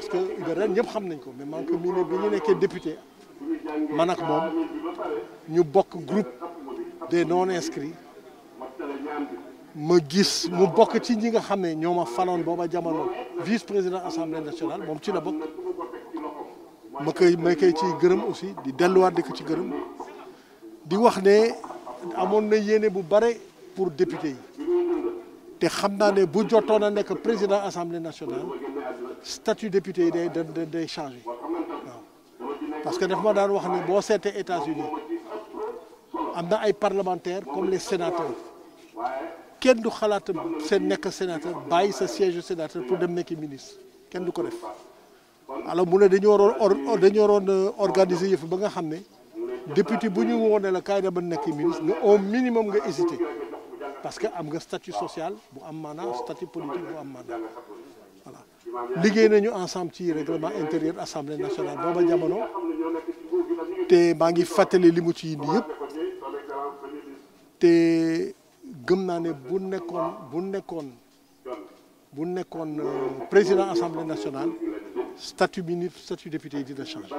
parce que Ibrahima ñëpp xam nañ ko mais man ko mii ne bi ñu nekkee député man ak moom ñu bokk groupe des non inscrits ma gis mu bokk ci ñi nga xam ne ñoo ma faloon booba jamono vice président assemblée nationale moom ci la bokk ma koy ma koy ci gërëm aussi di delluwaat di ko ci gërëm di wax ne amoon na yéene bu bare pour député yi te xam naa ne bu jotoon nekk président assemblée nationale statut député yi day day day changé waaw parce que daf ma daan wax ne boo seetee États-Unis am na ay parlementaire comme les sénateurs kenn du xalaat seen nekk sénateur bàyyi sa siège sénateur pour dem nekk ministre kenn du ko def alors mu ne dañu waroon or dañu waroon euh, organiser yëf ba nga xam ne député bu ñu woone la kaay dama nekk ministre nga au minimum nga hésité. parce que am nga statut social bu am maanaa statut politique bu am maanaa voilà liggéey nañu ensemble ci règlement intérieur assemblée nationale booba jamono te maa ngi fàttali li mu ci indi yëpp te gëm naa ne bu nekkoon bu nekkoon président assemblée nationale statut ministre statut député dina changer